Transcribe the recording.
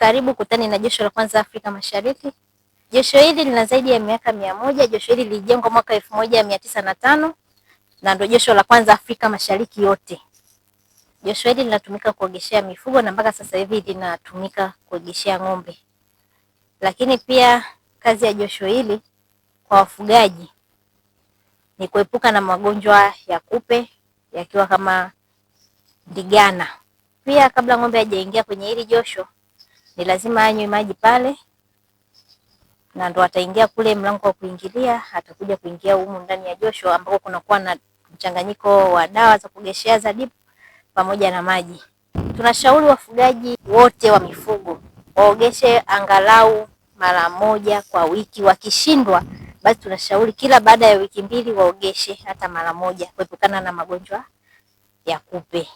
Karibu kutani na Josho la Kwanza Afrika Mashariki. Josho hili lina zaidi ya miaka mia moja. Josho hili lilijengwa mwaka elfu moja mia tisa na tano na ndio Josho la Kwanza Afrika Mashariki yote. Josho hili linatumika kuogeshea mifugo na mpaka sasa hivi linatumika kuogeshea ng'ombe, lakini pia kazi ya josho hili kwa wafugaji ni kuepuka na magonjwa ya kupe yakiwa kama ndigana. Pia kabla ng'ombe hajaingia kwenye hili josho ni lazima anywe maji pale, na ndo ataingia kule mlango wa kuingilia, atakuja kuingia humu ndani ya josho ambako kunakuwa na mchanganyiko wa dawa za kugeshea za dip pamoja na maji. Tunashauri wafugaji wote wa mifugo waogeshe angalau mara moja kwa wiki. Wakishindwa basi, tunashauri kila baada ya wiki mbili waogeshe hata mara moja, kuepukana na magonjwa ya kupe.